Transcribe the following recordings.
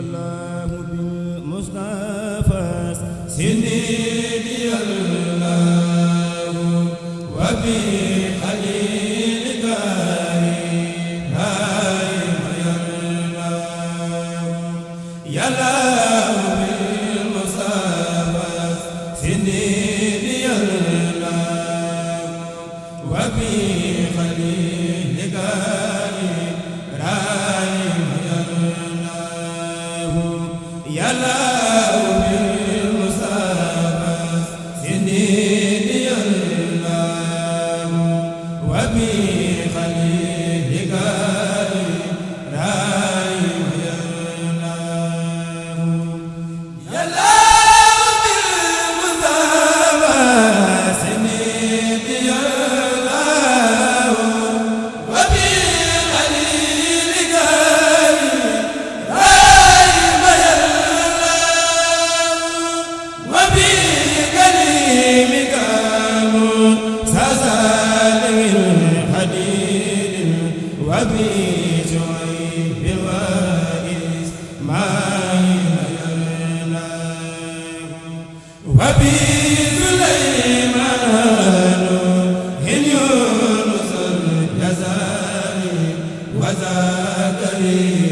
Mustafa ala ذاك لي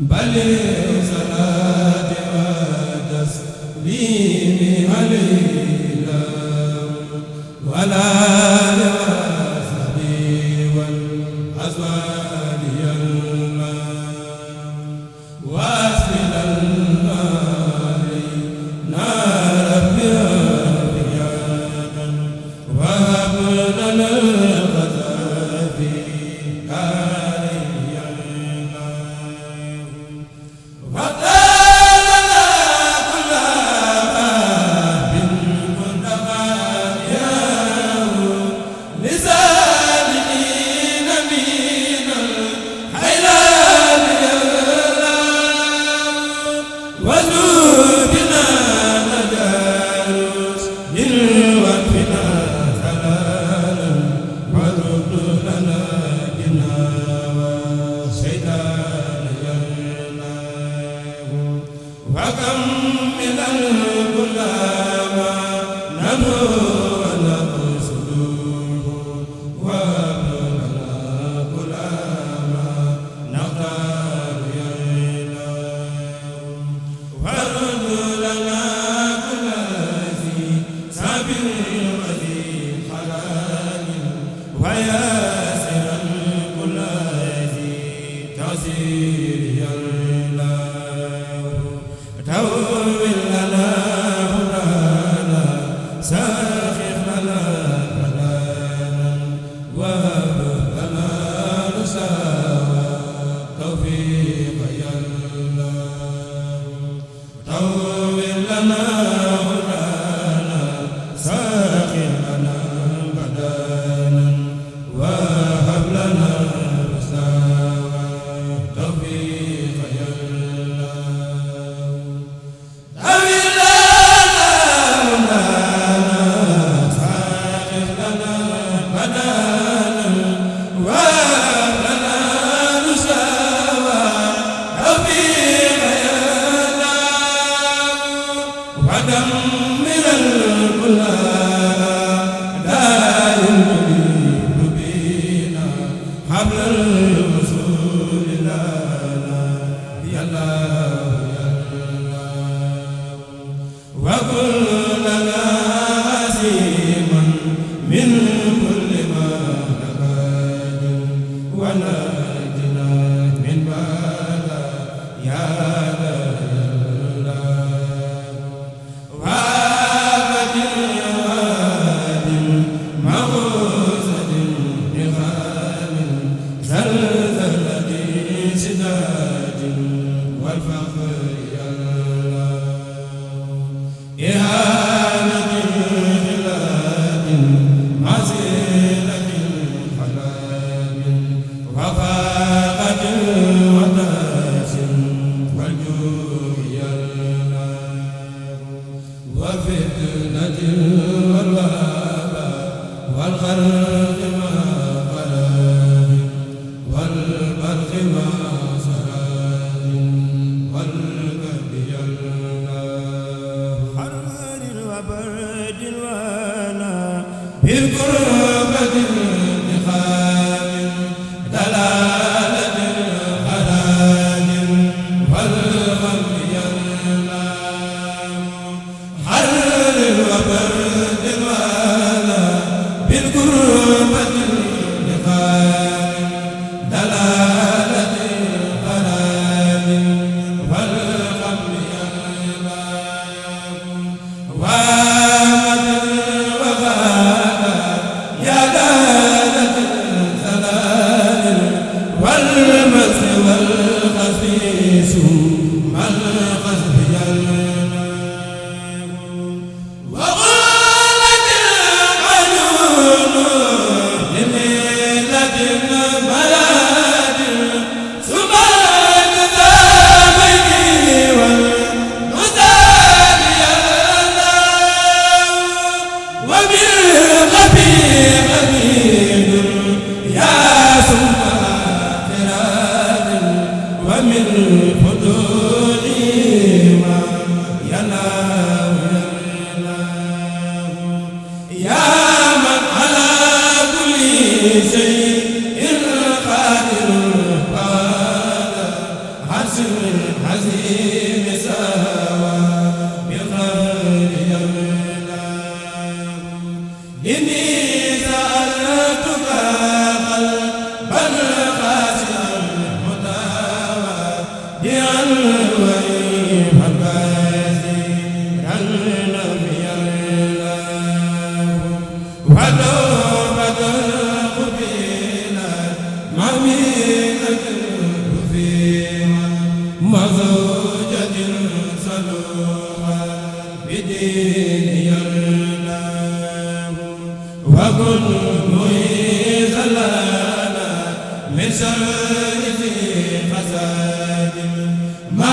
bale ya وفتنة والوباء والخرق yàlla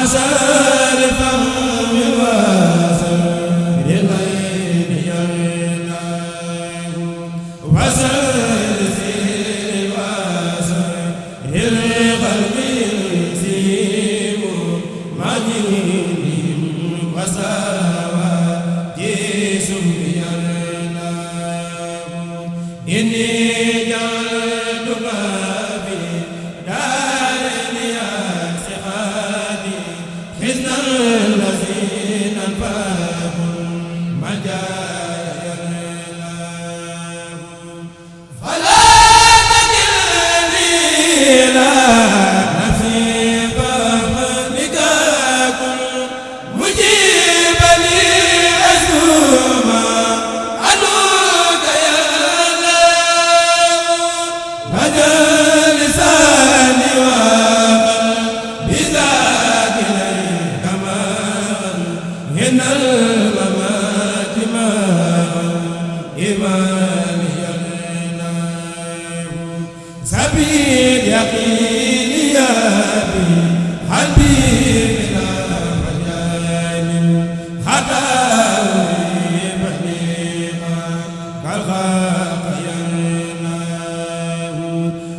azal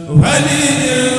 wali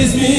ismi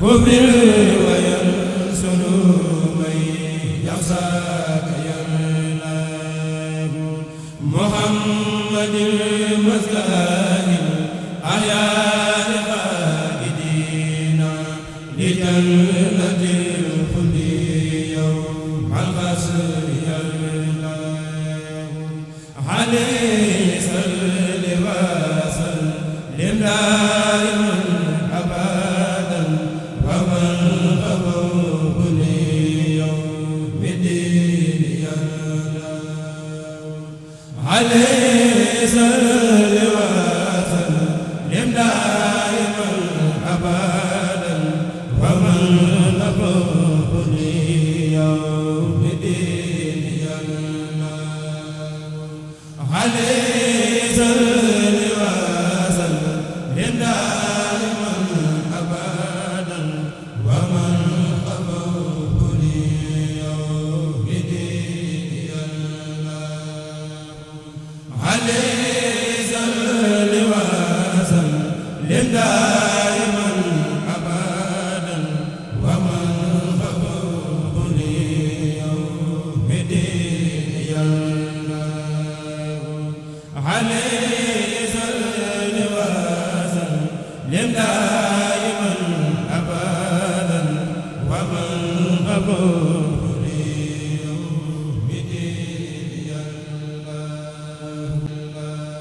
Kubril lam la